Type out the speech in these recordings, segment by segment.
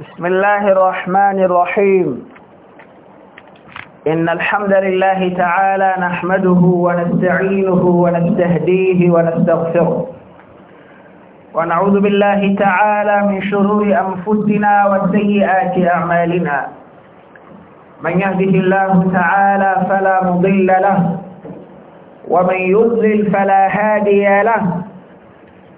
بسم الله الرحمن الرحيم إن الحمد لله تعالى نحمده ونستعينه ونستهديه ونستغفره ونعوذ بالله تعالى من شرور أنفسنا وسيئات أعمالنا من يهده الله تعالى فلا مضل له ومن يضلل فلا هادي له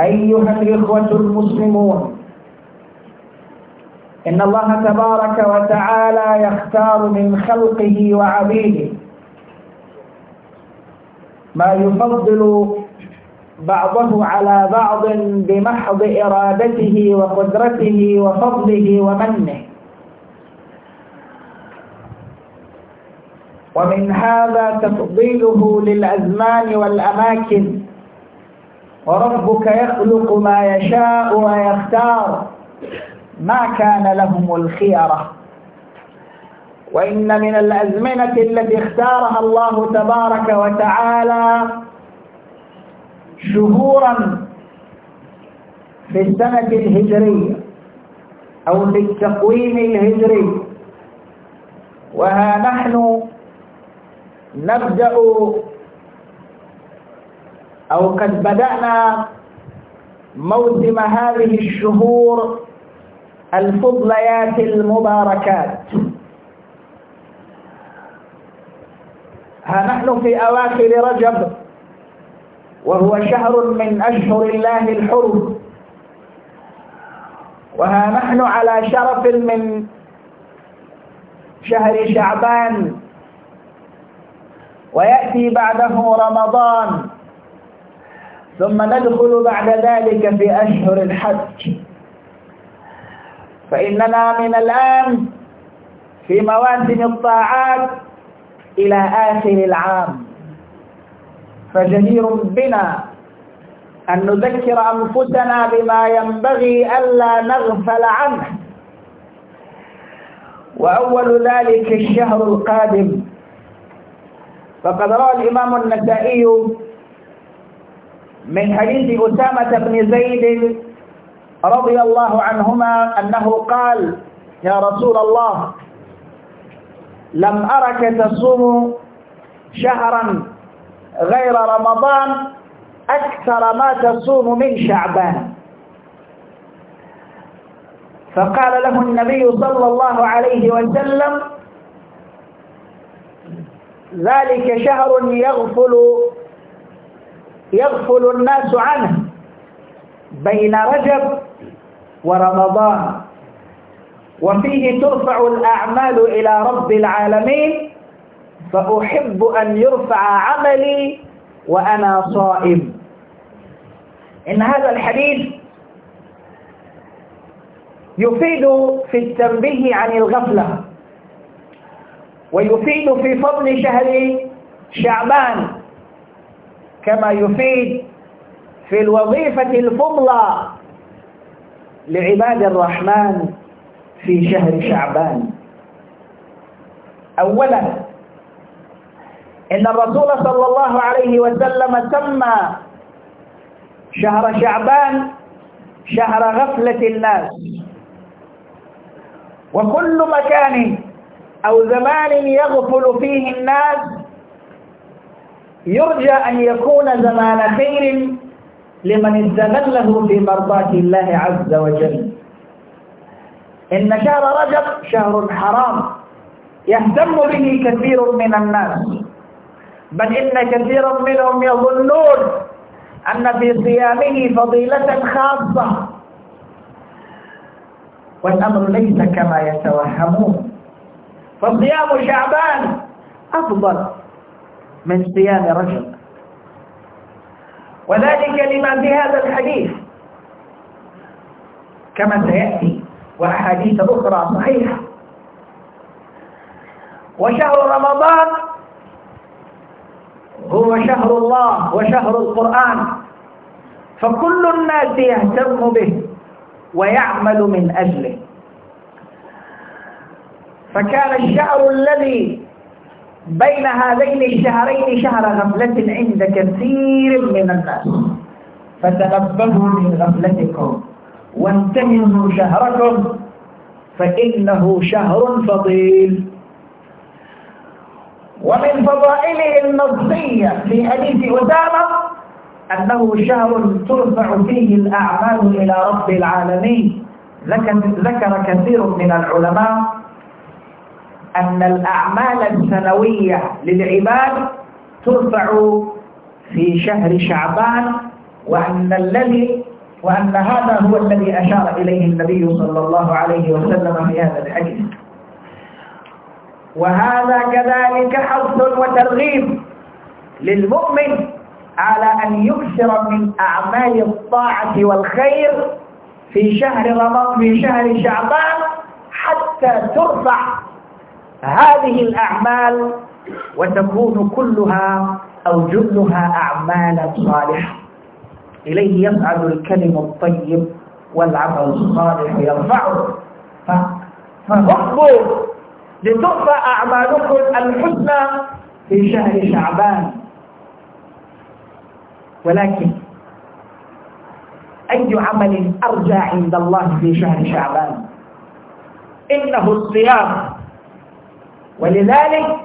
أيها الإخوة المسلمون إن الله تبارك وتعالى يختار من خلقه وعبيده ما يفضل بعضه على بعض بمحض إرادته وقدرته وفضله ومنه ومن هذا تفضيله للأزمان والأماكن وربك يخلق ما يشاء ويختار ما كان لهم الخيرة وإن من الأزمنة التي اختارها الله تبارك وتعالى شهورا في السنة الهجرية أو في التقويم الهجري وها نحن نبدأ أو قد بدأنا موسم هذه الشهور الفضليات المباركات ها نحن في أواخر رجب وهو شهر من أشهر الله الحرم وها نحن على شرف من شهر شعبان ويأتي بعده رمضان ثم ندخل بعد ذلك في أشهر الحج فإننا من الآن في مواسم الطاعات إلى آخر العام فجدير بنا أن نذكر أنفسنا بما ينبغي ألا نغفل عنه وأول ذلك الشهر القادم فقد روى الإمام النسائي من حديث أسامة بن زيد رضي الله عنهما أنه قال يا رسول الله لم أرك تصوم شهرا غير رمضان أكثر ما تصوم من شعبان فقال له النبي صلى الله عليه وسلم ذلك شهر يغفل يغفل الناس عنه بين رجب ورمضان وفيه ترفع الأعمال إلى رب العالمين فأحب أن يرفع عملي وأنا صائم إن هذا الحديث يفيد في التنبيه عن الغفلة ويفيد في فضل شهر شعبان كما يفيد في الوظيفة الفضلى لعباد الرحمن في شهر شعبان أولا إن الرسول صلى الله عليه وسلم سمى شهر شعبان شهر غفلة الناس وكل مكان أو زمان يغفل فيه الناس يرجى أن يكون زمان خير لمن استغله في مرضاة الله عز وجل إن شهر رجب شهر حرام يهتم به كثير من الناس بل إن كثيرا منهم يظنون أن في صيامه فضيلة خاصة والأمر ليس كما يتوهمون فصيام شعبان أفضل من صيام رجب وذلك لما في هذا الحديث كما سيأتي وأحاديث أخرى صحيحة وشهر رمضان هو شهر الله وشهر القرآن فكل الناس يهتم به ويعمل من أجله فكان الشهر الذي بين هذين الشهرين شهر غفلة عند كثير من الناس فتنبهوا من غفلتكم وانتهزوا شهركم فإنه شهر فضيل ومن فضائله النصية في حديث أسامة أنه شهر ترفع فيه الأعمال إلى رب العالمين ذكر كثير من العلماء أن الأعمال السنوية للعباد ترفع في شهر شعبان وأن الذي وأن هذا هو الذي أشار إليه النبي صلى الله عليه وسلم في هذا الحديث وهذا كذلك حظ وترغيب للمؤمن على أن يكثر من أعمال الطاعة والخير في شهر رمضان في شهر شعبان حتى ترفع هذه الأعمال وتكون كلها أو جلها أعمالا صالحة إليه يصعد الكلم الطيب والعمل الصالح يرفعه فاصبروا لتعطى أعمالكم الحسنى في شهر شعبان ولكن أي عمل أرجى عند الله في شهر شعبان إنه الصيام ولذلك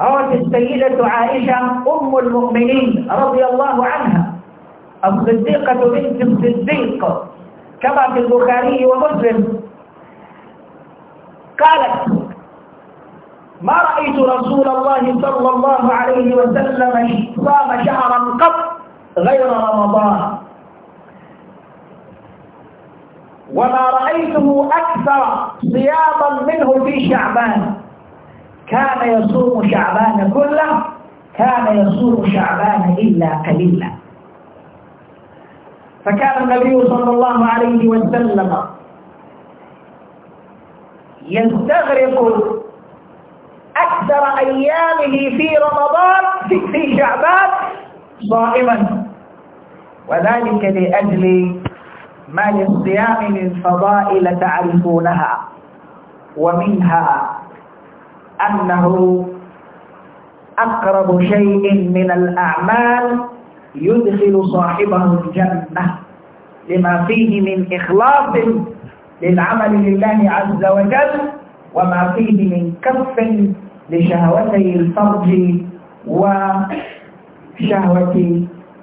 روت السيدة عائشة أم المؤمنين رضي الله عنها الصديقة بنت الصديق كما في البخاري ومسلم قالت ما رأيت رسول الله صلى الله عليه وسلم صام شهرا قط غير رمضان وما رأيته أكثر صياما منه في شعبان كان يصوم شعبان كله كان يصوم شعبان إلا قليلا فكان النبي صلى الله عليه وسلم يستغرق أكثر أيامه في رمضان في, شعبان صائما وذلك لأجل ما للصيام من فضائل تعرفونها ومنها أنه أقرب شيء من الأعمال يدخل صاحبه الجنة لما فيه من إخلاص للعمل لله عز وجل وما فيه من كف لشهوتي الفرج وشهوة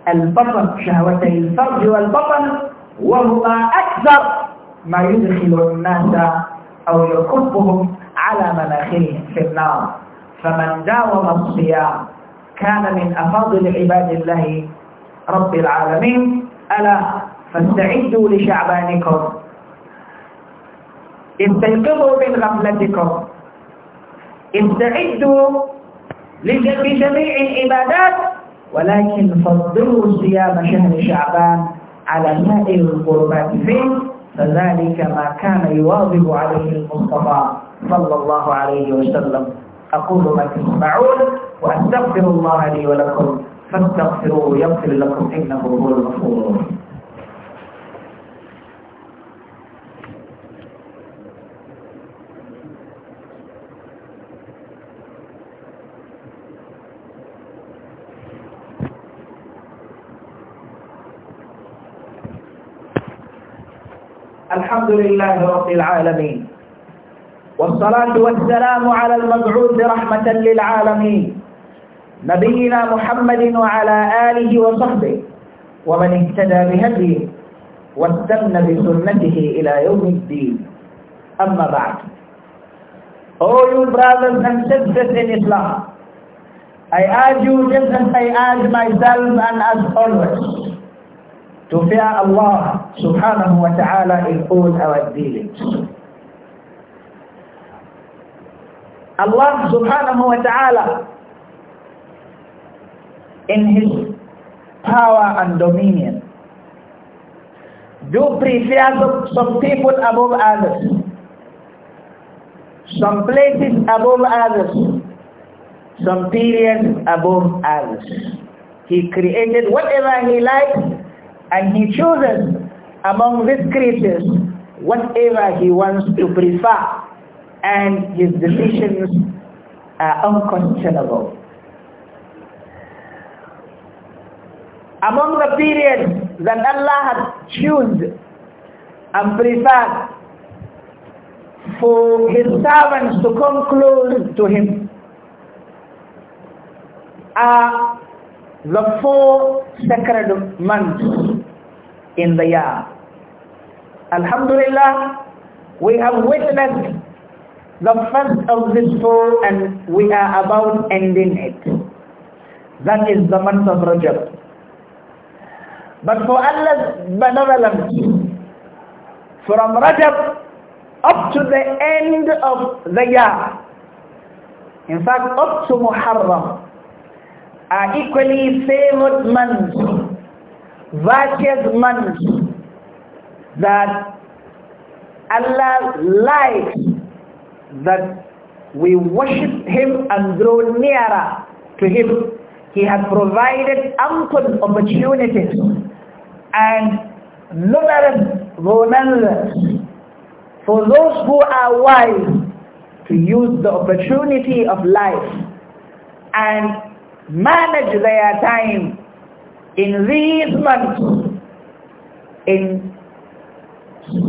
البطن شهوتي الفرج والبطن وهما أكثر ما يدخل الناس أو يكبهم على مناخيه في النار فمن داوم الصيام كان من أفضل عباد الله رب العالمين ألا فاستعدوا لشعبانكم استيقظوا من غفلتكم استعدوا لجميع العبادات ولكن فضلوا صيام شهر شعبان على سائر القربات فيه فذلك ما كان يواظب عليه المصطفى صلى الله عليه وسلم أقول ما تسمعون وأستغفر الله لي ولكم فاستغفروه يغفر لكم إنه هو الغفور الحمد لله رب العالمين والصلاة والسلام على المبعوث رحمة للعالمين نبينا محمد وعلى آله وصحبه ومن اهتدى بهديه واستنى بسنته إلى يوم الدين أما بعد All you brothers and sisters in Islam I urge you just as I urge myself and as always to fear Allah subhanahu wa ta'ala in all our dealings Allah subhanahu wa ta'ala in his power and dominion do prefer some people above others some places above others some periods above others he created whatever he likes and he chooses among these creatures whatever he wants to prefer and his decisions are unquestionable. Among the periods that Allah has chosen and preferred for his servants to come close to him are the four sacred months in the year. Alhamdulillah, we have witnessed the first of this four and we are about ending it. That is the month of Rajab. But for Allah's benevolence, from Rajab up to the end of the year, in fact up to Muharram, are equally favored months, virtuous months that Allah likes that we worship him and grow nearer to him. He has provided ample opportunities and numerous vulnerabilities for those who are wise to use the opportunity of life and manage their time in these months in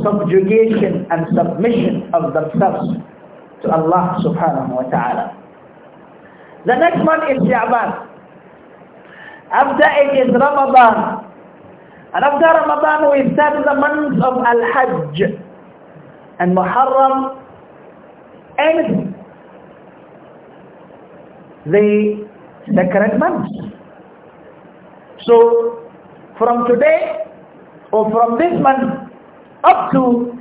subjugation and submission of themselves to Allah subhanahu wa ta'ala. The next month is Sha'ban. After it is Ramadan. And after Ramadan we start the month of Al-Hajj. And Muharram ends the sacred month. So from today or from this month up to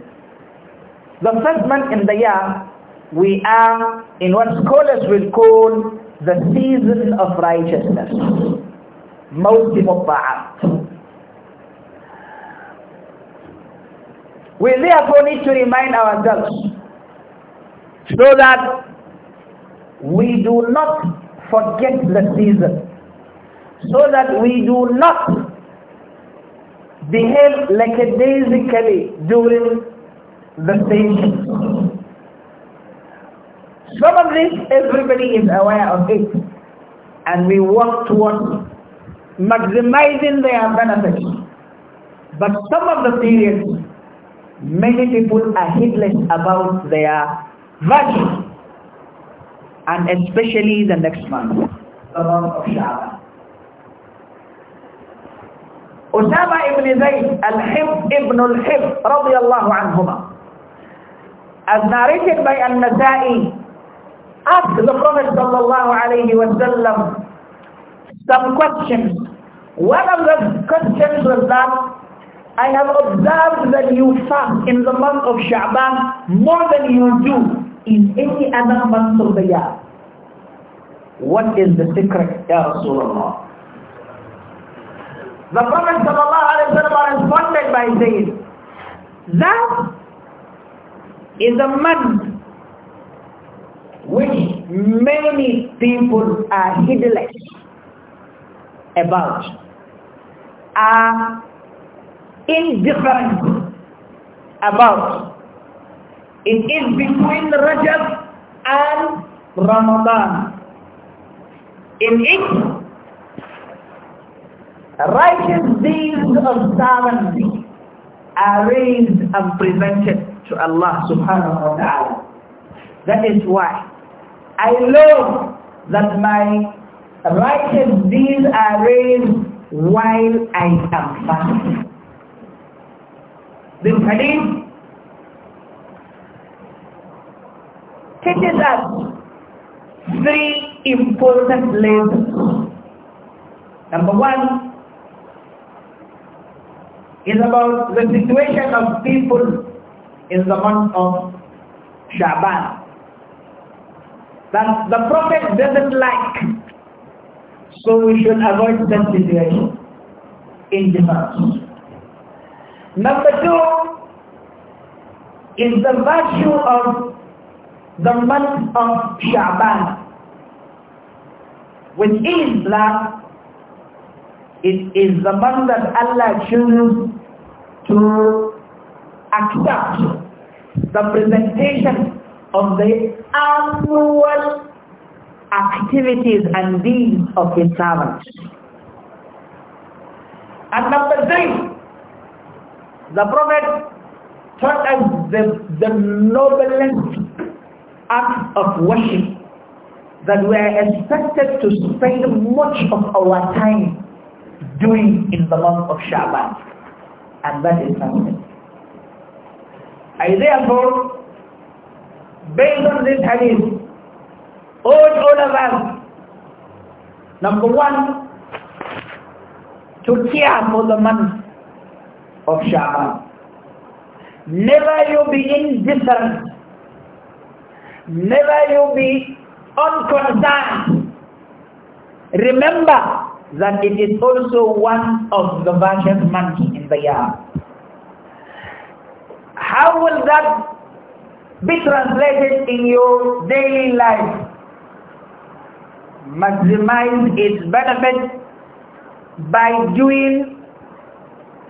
the first month in the year we are in what scholars will call the season of righteousness. Mawsim al We therefore need to remind ourselves so that we do not forget the season. So that we do not behave lackadaisically during the season. Some of this, everybody is aware of it. And we work towards maximizing their benefits. But some of the periods, many people are heedless about their value. And especially the next month, the month of Sha'ban. Usama ibn Zayd al-Hib ibn al-Hib radiyallahu anhuma. As narrated by An-Nasa'i Ask the Prophet sallallahu some questions. One of the questions was that I have observed that you fast in the month of Sha'ban more than you do in any other month of the year. What is the secret, Ya Rasulullah? The Prophet ﷺ responded by saying, that is a month which many people are heedless about are indifferent about. It is between Rajab and Ramadan. In it, righteous deeds of sovereignty are raised and presented to Allah subhanahu wa ta'ala. That is why I love that my righteous deeds are raised while I am fasting. The hadith teaches us three important lessons. Number one is about the situation of people in the month of Shaban that the Prophet doesn't like. So we should avoid that situation in the mosque. Number two is the virtue of the month of Sha'ban. is Islam, it is the month that Allah chooses to accept the presentation of the annual activities and deeds of his servants, And number three, the Prophet taught us the, the noblest act of worship that we are expected to spend much of our time doing in the month of Sha'ban. And that is fasting. I therefore based on this hadith, urge all of us, number one, to care for the month of Sha'ban. Never you be indifferent. Never you be unconcerned. Remember that it is also one of the virgin months in the year. How will that be translated in your daily life. Maximize its benefit by doing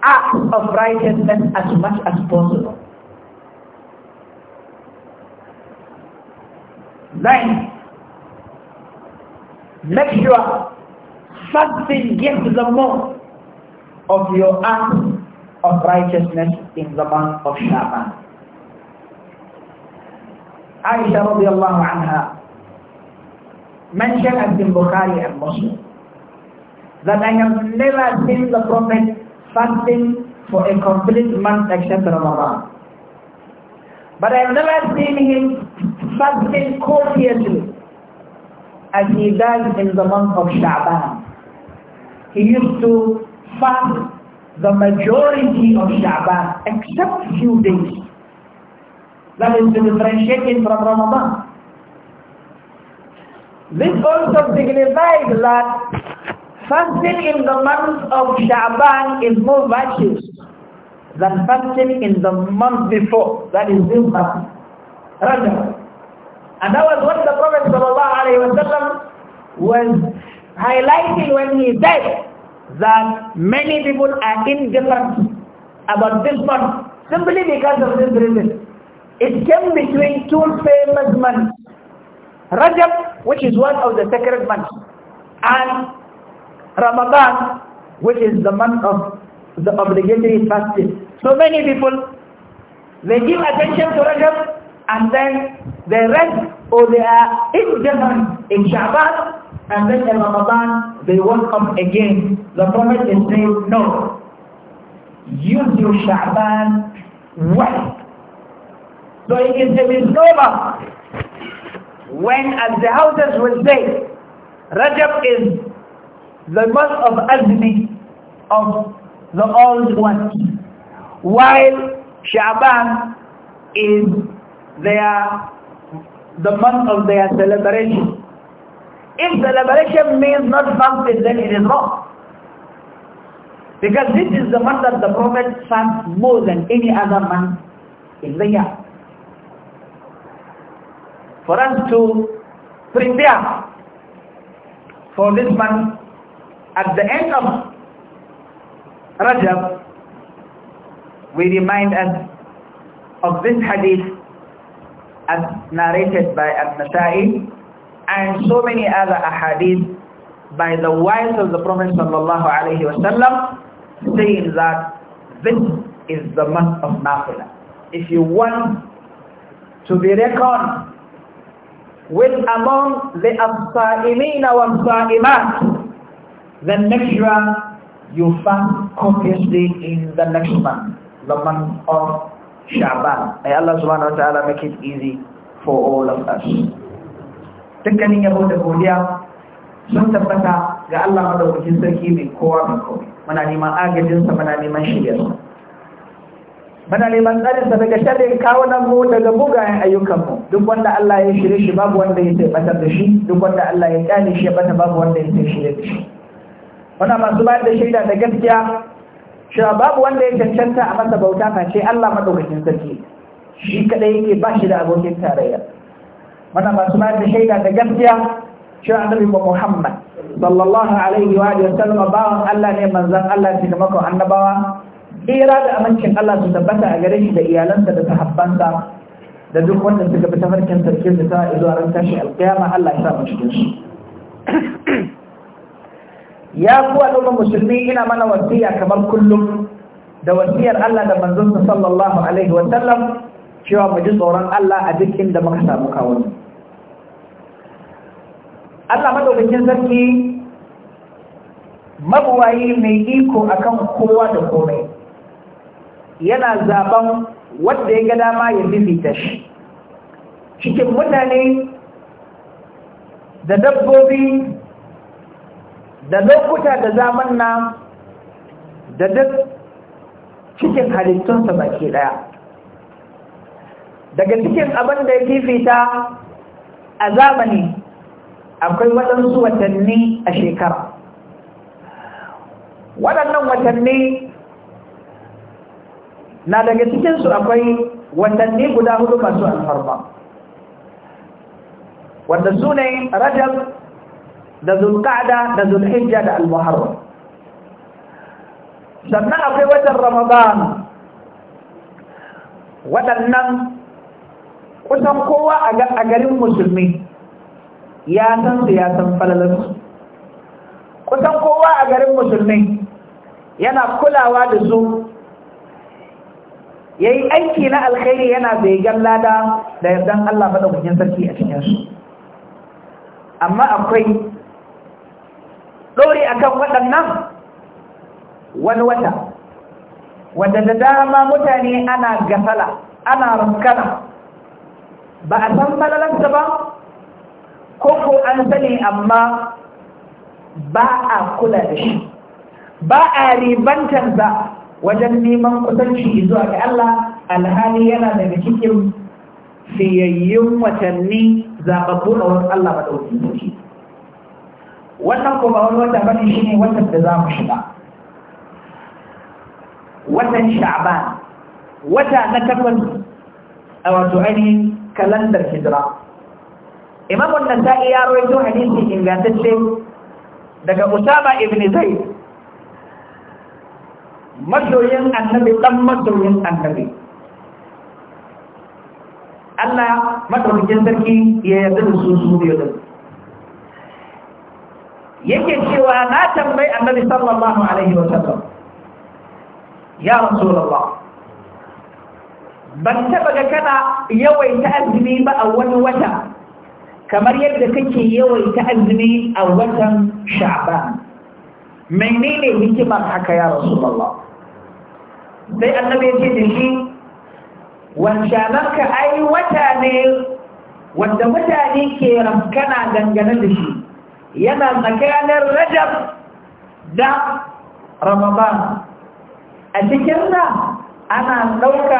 acts of righteousness as much as possible. Then, make sure something gives the most of your acts of righteousness in the month of Shaban. Aisha radiallahu anha mentioned as in Bukhari and Muslim that I have never seen the Prophet fasting for a complete month except Ramadan. But I have never seen him fasting copiously as he does in the month of Sha'ban. He used to fast the majority of Sha'ban except few days. That is differentiating from Ramadan. This also signifies that fasting in the month of Sha'ban is more virtuous than fasting in the month before, that is this month, Rajab. And that was what the Prophet ﷺ was highlighting when he said that many people are indifferent about this month simply because of this reason. It came between two famous months. Rajab, which is one of the sacred months, and Ramadan, which is the month of the obligatory fasting. So many people, they give attention to Rajab and then they rest or they are indifferent in Sha'ban and then in Ramadan they won't come again. The Prophet is saying, no, use your Sha'ban well. So it is a misnomer when as the houses will say, Rajab is the month of Azmi of the old ones, while Shaban is their the month of their celebration. If celebration means not fasting, then it is wrong. Because this is the month that the Prophet fasts more than any other month in the year for us to prepare for this month at the end of Rajab we remind us of this hadith as narrated by Al-Nasai and so many other ahadith by the wives of the Prophet sallallahu alaihi wasallam saying that this is the month of Nafila. If you want to be reckoned will among the absa'imeen wa absa'imat, the next year you fast copiously in the next month, the month of Shaban. May Allah subhanahu wa ta'ala make it easy for all of us. Dukkanin yabo da godiya sun tabbata ga Allah madaukakin sarki mai kowa mai komai. Muna neman agajinsa, muna neman shiryarsa. Mana neman tsarin sa daga sharrin nan mu daga bugayen ayyukan mu duk wanda Allah ya shirye shi babu wanda ya sai da shi duk wanda Allah ya kyale shi bata babu wanda ya sai shirye da shi muna masu bayar da shaida da gaskiya cewa babu wanda ya cancanta a masa bauta face Allah madaukakin sarki shi kadai yake ba shi da abokin tarayya muna masu bayar da shaida da gaskiya cewa annabi Muhammad sallallahu alaihi wa sallam bawan Allah ne manzon Allah cikin makon annabawa tsira da amincin Allah su tabbata a gare shi da iyalansa da sahabbansa da duk wanda suka fi tafarkin sarki su ta zuwa ran tashi alƙiyama Allah ya sa mu cikin su ya ku al'umma musulmi ina mana wasiya kamar kullum da wasiyar Allah da manzonsa sallallahu alaihi wa sallam cewa mu ji tsoron Allah a duk inda muka samu kawo Allah madaukakin sarki mabuwayi mai iko akan kowa da komai yana zaben wadda ya ga dama ya fifita shi cikin mutane da dabbobi da lokuta da zaman na da duk cikin halittunsa baki daya daga cikin abin da ya fifita a zamani akwai waɗansu watanni a shekara waɗannan watanni na daga cikinsu akwai watanni guda hudu masu alfarma wanda su ne rajab da zulqa'da da zulhijja da almuharram sannan akwai watan ramadan waɗannan kusan kowa a garin musulmi ya san su ya san falalarsu kusan kowa a garin musulmi yana kulawa da su ya yi aiki na alkhairi yana begen lada da yardan Allah maɗaukakin sarki a cikinsu amma akwai ɗori a kan waɗannan wani wata wadda da dama mutane ana gafala ana raskana ba a san falalarsa ba Koko an sani amma ba a kula da shi ba a ribantarsa wajen neman kusanci zuwa ga Allah alhali yana daga cikin fiyayyun watanni zaɓaɓɓu a wasu Allah ba ɗauki zuci wannan kuma wani wata bane shi ne watan da za mu shiga watan sha'ban wata na takwas a wato ainihin kalandar hijira imamun nasa'i ya rawaito hadisi ingantacce daga usama ibn zaid masoyin annabi dan masoyin annabi Allah madaukakin sarki ya yarda da su su biyu din yake cewa na tambayi annabi sallallahu alaihi wa sallam ya rasulullah ban taba ga kana yawaita azumi ba a wani wata kamar yadda kake yawaita azumi a watan sha'ban menene hikimar haka ya rasulullah sai annabi ya ce da shi wancanarka ai wata ne wanda mutane ke rafkana dangane da shi yana tsakanin rajab da ramadan a cikin da ana ɗauka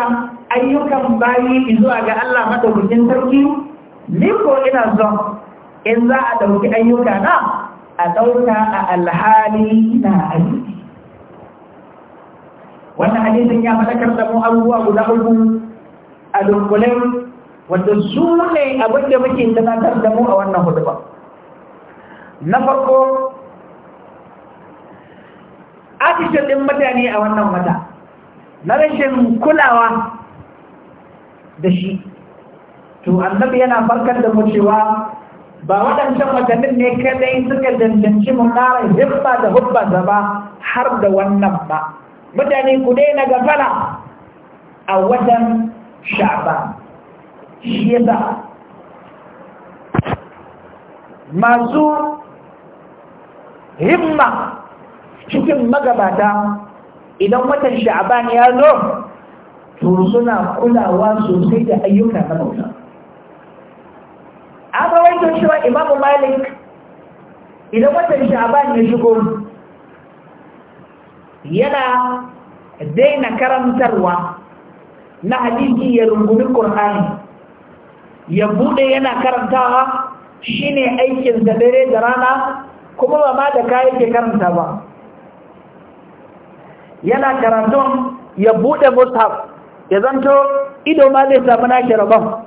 ayyukan bayi zuwa ga Allah maɗaukakin sarki ni ko ina zon in za a ɗauki ayyuka na a ɗauka a alhali na ayyuki wannan hadisin ya fadakar da mu abubuwa guda uku a dunkulai wanda su ne abin da muke tunatar da mu a wannan hudubar na farko atishin ɗin mutane a wannan wata na rashin kulawa da shi to annabi yana farkar da mu cewa ba waɗancan watannin ne kadai suka dandanci mu ƙara hibba da hubba ba har da wannan ba mutane ku daina gafara a watan shaba shi yasa masu himma cikin magabata idan watan ne ya zo to suna kulawa sosai da ayyuka na bauta an rawaito cewa imamu malik idan watan shaba ya shigo yana daina karantarwa na hadisi ya rungumi ƙur'ani ya buɗe yana karantawa shine aikin da dare da rana kuma ba ma da kayan ke karanta ba yana karantun ya buɗe mushaf ya zanto ido ma zai samu nashi rabon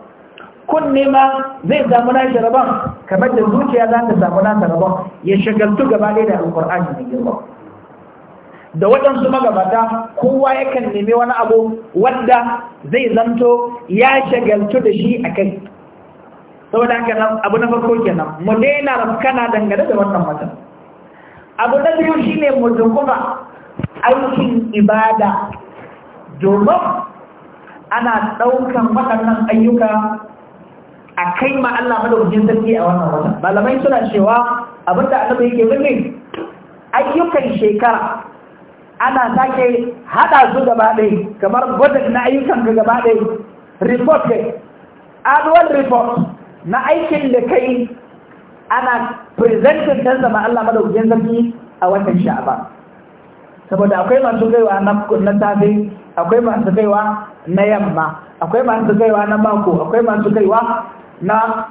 kunne ma zai samu nashi rabon kamar da zuciya za ta samu nasa rabon ya shagaltu gaba ɗaya da alƙur'ani mai girma da waɗansu magabata kowa yakan nemi wani abu wadda zai zanto ya shagaltu da shi a kai saboda haka nan abu na farko kenan mu daina rafkana dangane da wannan mutum. abu na biyu shine mu dukuba aikin ibada domin ana ɗaukan waɗannan ayyuka a kai ma Allah madaukakin sarki a wannan wata malamai suna cewa abinda annabi yake birni, ayyukan shekara ana sake haɗa su gaba ɗaya kamar budget na ayyukan ka gaba ɗaya report kai annual report na aikin da kai ana presenting ɗan zama Allah madaukakin sarki a watan sha'aba saboda akwai masu gaiwa na tafi akwai masu gaiwa na yamma akwai masu gaiwa na mako akwai masu gaiwa na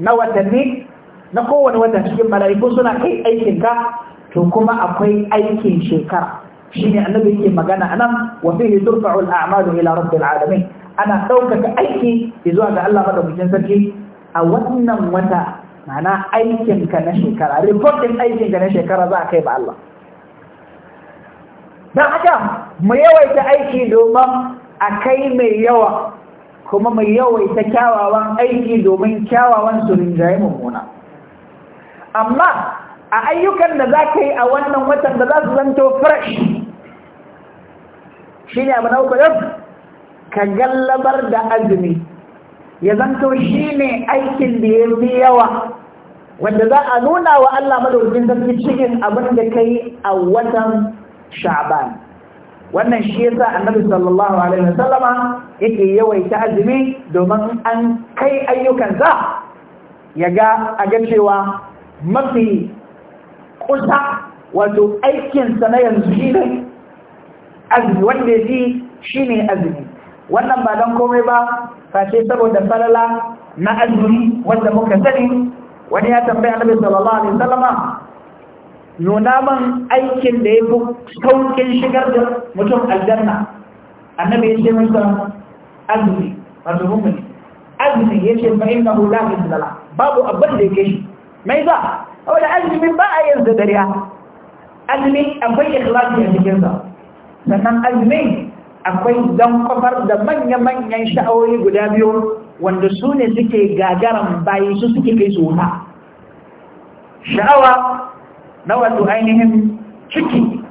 na watanni na kowane wata cikin mala'iku suna kai aikin ka to kuma akwai aikin shekara shine annabi yake magana anan wa fihi turfa'u al-a'malu ila rabbil alamin ana ɗaukaka aiki zuwa ga Allah madaukakin sarki a wannan wata aikin ka na shekara aikin ka na shekara za a kai ba Allah dan haka mu yawaita aiki domin a kai mai yawa kuma mai yawaita kyawawan aiki domin kyawawan su rinjaye mummuna amma a ayyukan da za ka yi a wannan watan da za su zanto fresh shi ne abu na yau ka gallabar da azumi ya zanto shi ne aikin da ya fi yawa wanda za a nuna wa Allah da fi cikin abin da ka yi a watan sha'ban wannan shi ya sa annabi sallallahu alaihi wasallama yake yawaita azumi domin an kai ayyukansa ya ga a ga cewa mafi kusa wato aikinsa na yanzu shi ne azumi wanda ya shi ne azumi wannan ba dan komai ba face saboda falala na azumi wanda muka sani wani ya tambaya annabi sallallahu alaihi wasallama nuna man aikin da ya yafi saukin shigar da mutum aljanna annabi ya ce masa azumi wato mummuni azumi ya ce fa innahu la ilaha babu abin da ya kai shi mai za saboda azumi ba a yin dariya, azumi akwai ikhlasi a cikin sa sannan azumi akwai don kwafar da manya-manyan sha'awoyi guda biyu wanda su ne suke gagaran bayi su suke kai su wuta sha'awa na wato ainihin ciki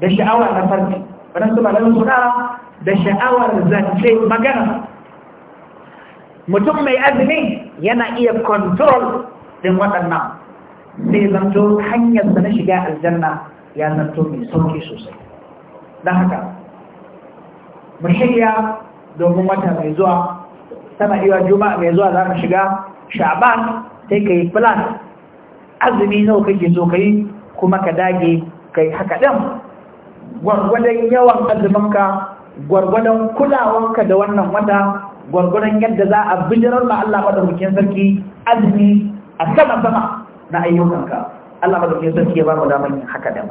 da sha'awa na farki waɗansu malar suna da sha'awar zance magana mutum mai azumi yana iya kontrol din waɗannan sai zanto hanyar da na shiga aljanna ya zanto mai sauki sosai don haka mu shirya domin wata mai zuwa sama iya juma'a mai zuwa za ka shiga sha'ban sai ka yi plan azumi nawa kake so ka yi kuma ka dage kai haka ɗin gwargwadon yawan azuminka gwargwadon kulawanka da wannan wata gwargwadon yadda za a bijirar ma Allah madaukakin sarki azumi a sama sama na ayyukanka Allah madaukakin sarki ya ba mu damar yin haka ɗin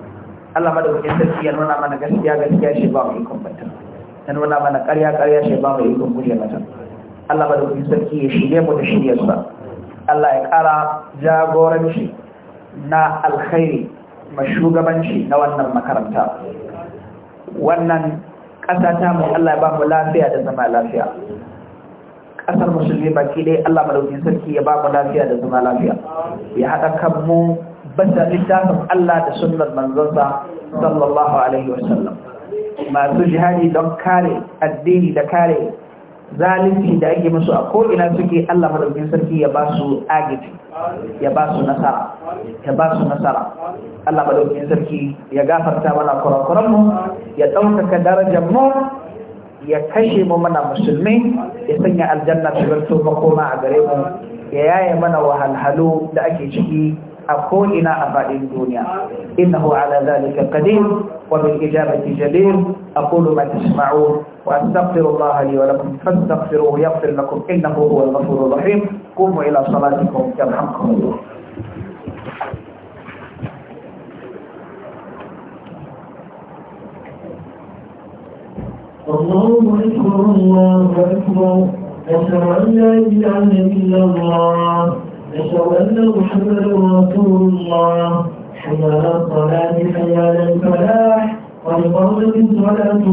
Allah madaukakin sarki ya nuna mana gaskiya gaskiya shi ba mu ikon bata ya nuna mana ƙarya ƙarya shi ba mu ikon guje mata Allah madaukakin sarki ya shirye mu da shiryarsa Allah ya ƙara jagoranci na alkhairi mashugabanci na wannan makaranta wannan ƙasa ta mu Allah ya ba mu lafiya da zama lafiya ƙasar musulmi baki dai Allah madaukakin sarki ya ba mu lafiya da zama lafiya ya haɗa kanmu tabbata littafin Allah da sunnar manzonsa sallallahu alaihi wasallam masu jihadi don kare addini da kare zalunci da ake musu a ko'ina suke Allah madaukin sarki ya ba su agaji ya ba su nasara ya ba su nasara Allah madaukin sarki ya gafarta mana kurakuranmu ya ɗaukaka darajar mu ya kashe mu mana musulmi ya sanya aljanna su makoma a gare mu ya yaye mana wahalhalu da ake ciki أقول إنا أبعد الدنيا إنه على ذلك قديم وبالإجابة جليل أقول ما تسمعون وأستغفر الله لي ولكم فاستغفروه يغفر لكم إنه هو الغفور الرحيم قوموا إلى صلاتكم يرحمكم الله اللهم اكبر الله اكبر ان لا اله الا الله أشهد أن محمدا رسول الله حي الصلاة حي الفلاح قد قامت الصلاة